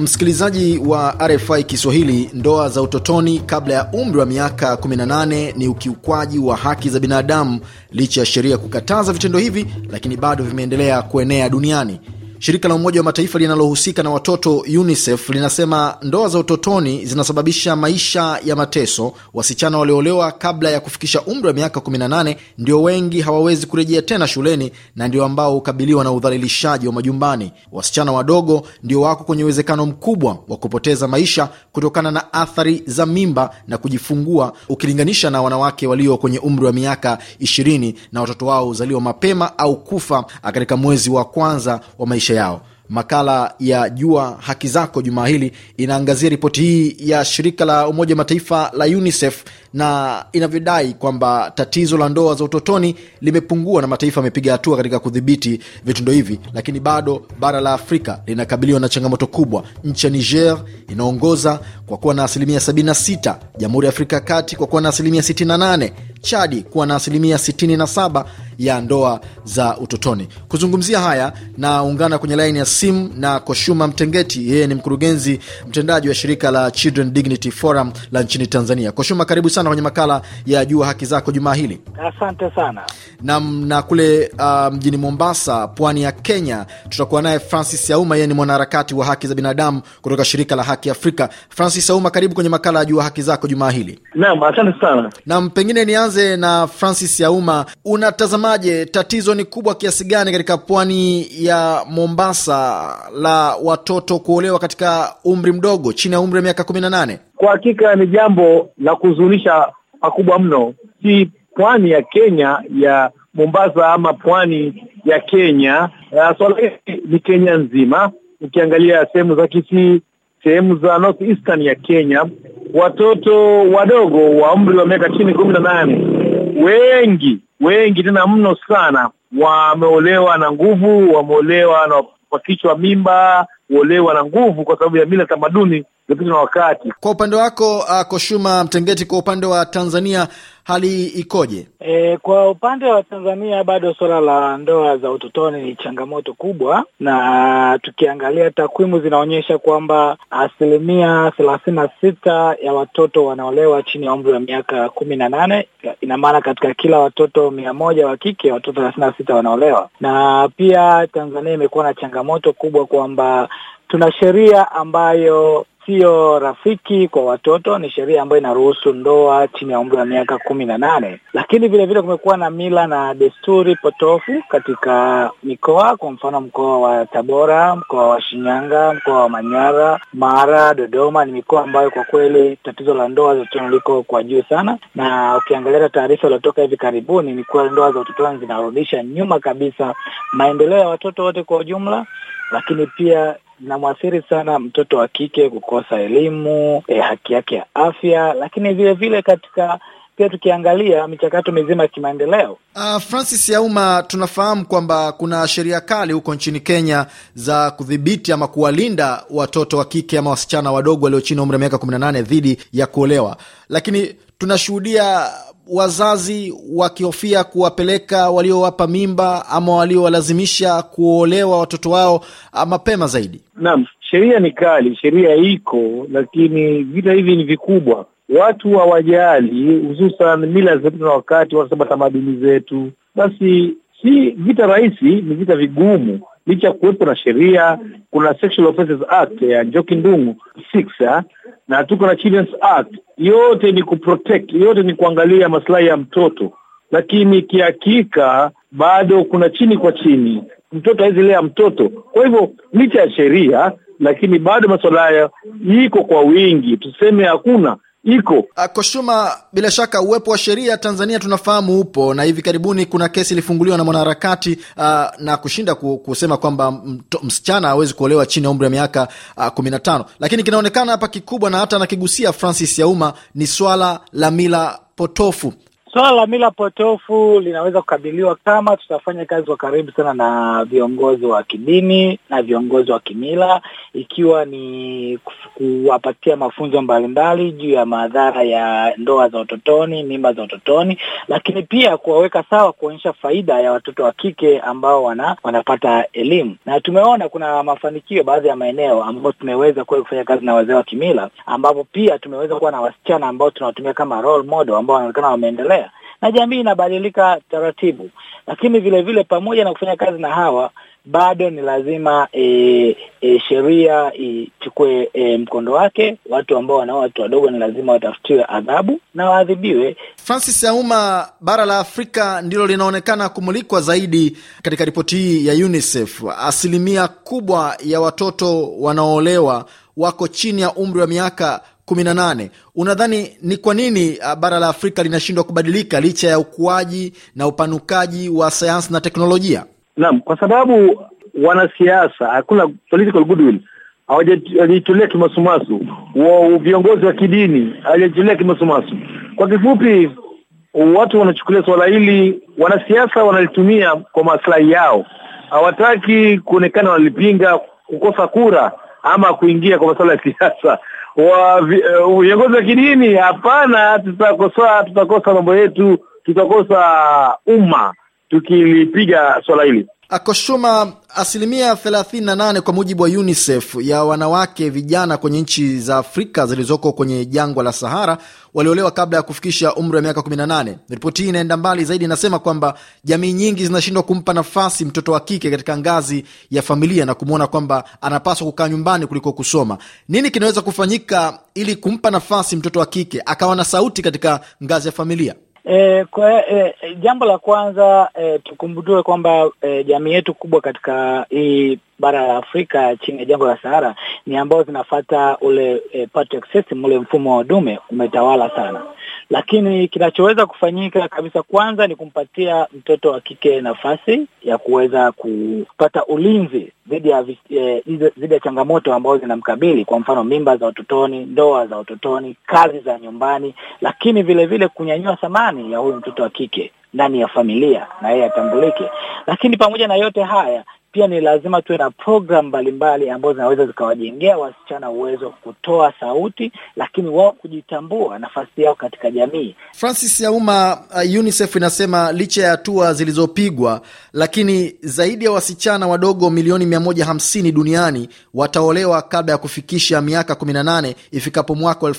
Msikilizaji wa RFI Kiswahili, ndoa za utotoni kabla ya umri wa miaka 18 ni ukiukwaji wa haki za binadamu. Licha ya sheria kukataza vitendo hivi, lakini bado vimeendelea kuenea duniani. Shirika la Umoja wa Mataifa linalohusika na watoto UNICEF linasema ndoa za utotoni zinasababisha maisha ya mateso. Wasichana walioolewa kabla ya kufikisha umri wa miaka 18 ndio wengi hawawezi kurejea tena shuleni na ndio ambao hukabiliwa na udhalilishaji wa majumbani. Wasichana wadogo ndio wako kwenye uwezekano mkubwa wa kupoteza maisha kutokana na athari za mimba na kujifungua ukilinganisha na wanawake walio kwenye umri wa miaka 20 na watoto wao huzaliwa mapema au kufa katika mwezi wa kwanza wa maisha maisha yao. Makala ya Jua Haki Zako jumaa hili inaangazia ripoti hii ya shirika la Umoja Mataifa la UNICEF na inavyodai kwamba tatizo la ndoa za utotoni limepungua na mataifa yamepiga hatua katika kudhibiti vitendo hivi, lakini bado bara la Afrika linakabiliwa na changamoto kubwa. Nchi ya Niger inaongoza kwa kuwa na asilimia 76, Jamhuri ya Afrika ya Kati kwa kuwa na asilimia 68, Chadi kuwa na asilimia 67 ya ndoa za utotoni. Kuzungumzia haya naungana kwenye laini ya simu na Koshuma Mtengeti, yeye ni mkurugenzi mtendaji wa shirika la Children Dignity Forum la nchini Tanzania. Koshuma, karibu sana kwenye makala ya Jua Haki Zako jumaa hili. Asante sana nam. Na kule uh, mjini Mombasa, pwani ya Kenya, tutakuwa naye Francis Auma, yeye ni mwanaharakati wa haki za binadamu kutoka shirika la Haki Afrika. Francis Auma, karibu kwenye makala ya Jua Haki Zako jumaa hili. Nam, asante sana nam. Pengine nianze na Francis Auma, unatazama unasemaje, tatizo ni kubwa kiasi gani katika pwani ya Mombasa la watoto kuolewa katika umri mdogo, chini ya umri wa miaka kumi na nane? Kwa hakika ni jambo la kuhuzunisha pakubwa mno, si pwani ya Kenya ya Mombasa ama pwani ya Kenya. Uh, swala hili ni Kenya nzima. Ukiangalia sehemu za Kisii, sehemu za north eastern ya Kenya, watoto wadogo wa umri wa miaka chini kumi na nane wengi wengi tena mno sana wameolewa na nguvu, wameolewa na kwa kichwa mimba, huolewa na nguvu kwa sababu ya mila tamaduni lakini wakati. Kwa upande wako uh, Koshuma Mtengeti, kwa upande wa Tanzania hali ikoje? E, kwa upande wa Tanzania bado suala la ndoa za utotoni ni changamoto kubwa, na tukiangalia takwimu zinaonyesha kwamba asilimia thelathini na sita ya watoto wanaolewa chini ya umri wa miaka kumi na nane. Ina maana katika kila watoto mia moja wa kike watoto thelathini na sita wanaolewa, na pia Tanzania imekuwa na changamoto kubwa kwamba tuna sheria ambayo sio rafiki kwa watoto. Ni sheria ambayo inaruhusu ndoa chini ya umri wa miaka kumi na nane, lakini vilevile kumekuwa na mila na desturi potofu katika mikoa, kwa mfano mkoa wa Tabora, mkoa wa Shinyanga, mkoa wa Manyara, Mara, Dodoma ni mikoa ambayo kwa kweli tatizo la ndoa za utotoni liko kwa juu sana, na ukiangalia taarifa iliyotoka hivi karibuni ni kuwa ndoa za utotoni zinarudisha nyuma kabisa maendeleo ya watoto wote kwa ujumla, lakini pia inamwathiri sana mtoto wa kike kukosa elimu e, haki yake ya afya, lakini vile vile katika pia tukiangalia michakato mizima ya kimaendeleo. Uh, Francis Yauma, tunafahamu kwamba kuna sheria kali huko nchini Kenya za kudhibiti ama kuwalinda watoto wa kike ama wasichana wadogo walio chini umri wa miaka nane dhidi ya kuolewa, lakini tunashuhudia wazazi wakihofia kuwapeleka waliowapa mimba ama waliowalazimisha kuolewa watoto wao ah, mapema zaidi? Naam, sheria ni kali, sheria iko, lakini vita hivi ni vikubwa. Watu hawajali, hususan mila zetu na wakati, wanasema tamaduni zetu. Basi si vita rahisi, ni vita vigumu licha ya kuwepo na sheria. Kuna Sexual Offences Act ya Njoki Ndung'u ah, na tuko na Children's Act yote ni kuprotect, yote ni kuangalia maslahi ya mtoto, lakini kihakika bado kuna chini kwa chini, mtoto hawezi lea mtoto. Kwa hivyo licha ya sheria, lakini bado masuala hayo iko kwa wingi, tuseme hakuna iko ah, Koshuma, bila shaka uwepo wa sheria Tanzania tunafahamu upo, na hivi karibuni kuna kesi ilifunguliwa na mwanaharakati uh, na kushinda kusema kwamba msichana hawezi kuolewa chini ya umri wa miaka ah, kumi na tano, lakini kinaonekana hapa kikubwa na hata anakigusia Francis Yauma ni swala la mila potofu Swala la mila potofu linaweza kukabiliwa kama tutafanya kazi kwa karibu sana na viongozi wa kidini na viongozi wa kimila, ikiwa ni kuwapatia mafunzo mbalimbali juu ya madhara ya ndoa za utotoni, mimba za utotoni, lakini pia kuwaweka sawa, kuonyesha faida ya watoto wa kike ambao wana, wanapata elimu. Na tumeona kuna mafanikio baadhi ya maeneo ambapo tumeweza kuwa kufanya kazi na wazee wa kimila, ambapo pia tumeweza kuwa na wasichana ambao tunawatumia kama role model ambao wanaonekana wameendelea na jamii inabadilika taratibu, lakini vile vile pamoja na kufanya kazi na hawa bado ni lazima e, e, sheria ichukue e, mkondo wake. Watu ambao wana watu wadogo ni lazima watafutiwe adhabu na waadhibiwe. Francis Auma, bara la Afrika ndilo linaonekana kumulikwa zaidi katika ripoti hii ya UNICEF. Asilimia kubwa ya watoto wanaoolewa wako chini ya umri wa miaka 18. Unadhani ni kwa nini uh, bara la Afrika linashindwa kubadilika licha ya ukuaji na upanukaji wa sayansi na teknolojia? Naam, kwa sababu wanasiasa hakuna political goodwill, hawajajitolea kimasumasu. Viongozi wa kidini hawajajitolea kimasumasu. Kwa kifupi, watu wanachukulia suala hili, wanasiasa wanalitumia kwa maslahi yao, hawataki kuonekana wanalipinga, kukosa kura ama kuingia kwa masuala ya siasa wa viongozi eh, wa kidini hapana, tutakosa tutakosa mambo yetu, tutakosa umma tukilipiga swala hili. Koshuma, asilimia 38 kwa mujibu wa UNICEF ya wanawake vijana kwenye nchi za Afrika zilizoko kwenye jangwa la Sahara waliolewa kabla ya kufikisha umri wa miaka 18. Ripoti hii inaenda mbali zaidi, inasema kwamba jamii nyingi zinashindwa kumpa nafasi mtoto wa kike katika ngazi ya familia na kumwona kwamba anapaswa kukaa nyumbani kuliko kusoma. Nini kinaweza kufanyika ili kumpa nafasi mtoto wa kike akawa na sauti katika ngazi ya familia? E, kwa, e, jambo la kwanza e, eh, tukumbutue kwamba e, jamii yetu kubwa katika hii bara la Afrika chini ya jangwa la Sahara ni ambao zinafata ule e, eh, patriarch system, ule mfumo wa dume umetawala sana, lakini kinachoweza kufanyika kabisa kwanza ni kumpatia mtoto wa kike nafasi ya kuweza kupata ulinzi dhidi ya eh, dhidi ya changamoto ambazo zinamkabili, kwa mfano mimba za utotoni, ndoa za utotoni, kazi za nyumbani, lakini vile vile kunyanyua thamani ya huyu mtoto wa kike ndani ya familia na yeye atambulike. Lakini pamoja na yote haya, pia ni lazima tuwe na program mbalimbali ambazo zinaweza zikawajengea wasichana uwezo wa kutoa sauti, lakini wao kujitambua nafasi yao katika jamii. Francis Yauma, uh, UNICEF inasema licha ya hatua zilizopigwa, lakini zaidi ya wasichana wadogo milioni 150 duniani wataolewa kabla ya kufikisha miaka 18 ifikapo mwaka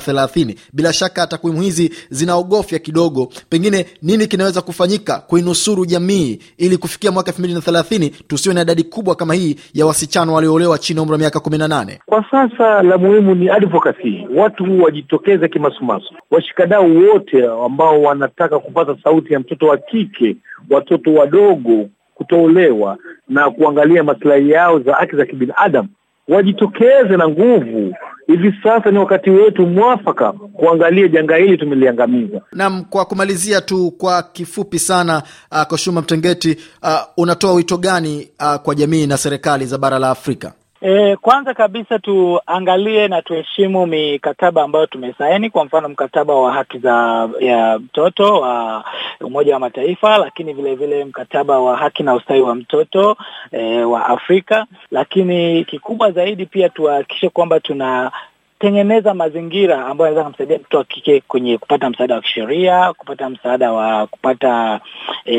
thelathini. Bila shaka takwimu hizi zinaogofya kidogo. Pengine nini kinaweza kufanyika kuinusuru jamii ili kufikia mwaka thelathini tusiwe na idadi kubwa kama hii ya wasichana walioolewa chini ya umri wa miaka kumi na nane. Kwa sasa la muhimu ni advocacy, watu wajitokeze kimasumasu, washikadau wote ambao wanataka kupata sauti ya mtoto wa kike, watoto wadogo kutoolewa na kuangalia maslahi yao za haki za kibinadamu wajitokeze na nguvu. Hivi sasa ni wakati wetu mwafaka kuangalia janga hili tumeliangamiza. Naam, kwa kumalizia tu kwa kifupi sana, uh, Koshuma Mtengeti, uh, unatoa wito gani uh, kwa jamii na serikali za bara la Afrika? E, kwanza kabisa tuangalie na tuheshimu mikataba ambayo tumesaini, kwa mfano mkataba wa haki za ya mtoto wa Umoja wa Mataifa, lakini vile vile mkataba wa haki na ustawi wa mtoto e, wa Afrika. Lakini kikubwa zaidi pia tuhakikishe kwamba tuna tengeneza mazingira ambayo anaweza kumsaidia mtoto wa kike kwenye kupata msaada wa kisheria, kupata msaada wa kupata e,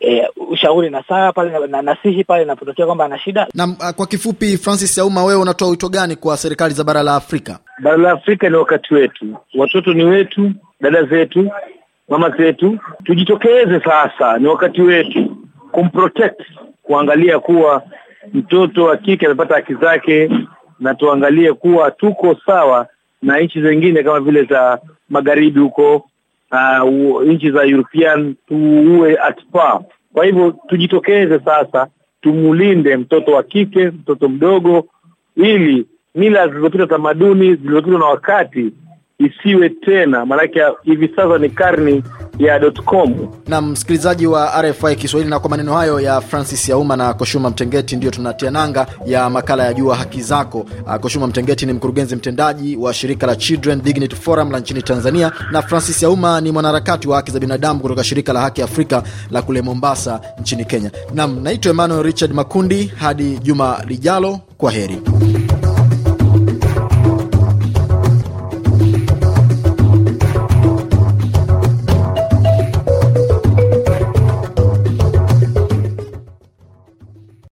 e, ushauri saa pale na nasihi pale inapotokea kwamba ana shida. Na uh, kwa kifupi, Francis Auma, wewe unatoa wito gani kwa serikali za bara la Afrika? Bara la Afrika ni wakati wetu, watoto ni wetu, dada zetu, mama zetu, tujitokeze sasa, ni wakati wetu kumprotect, kuangalia kuwa mtoto wa kike amepata haki zake na tuangalie kuwa tuko sawa na nchi zingine kama vile za magharibi huko, uh, nchi za European tuue atpa Kwa hivyo tujitokeze sasa, tumulinde mtoto wa kike, mtoto mdogo, ili mila zilizopita, tamaduni zilizopitwa na wakati isiwe tena, maanake hivi sasa ni karni ya .com. Na msikilizaji wa RFI Kiswahili, na kwa maneno hayo ya Francis Yauma na Koshuma Mtengeti, ndiyo tunatia nanga ya makala ya Jua Haki Zako. Ah, Koshuma Mtengeti ni mkurugenzi mtendaji wa shirika la Children Dignity Forum la nchini Tanzania, na Francis Yauma ni mwanaharakati wa haki za binadamu kutoka shirika la Haki Afrika la kule Mombasa nchini Kenya. Nam, naitwa Emmanuel Richard Makundi. Hadi juma lijalo, kwa heri.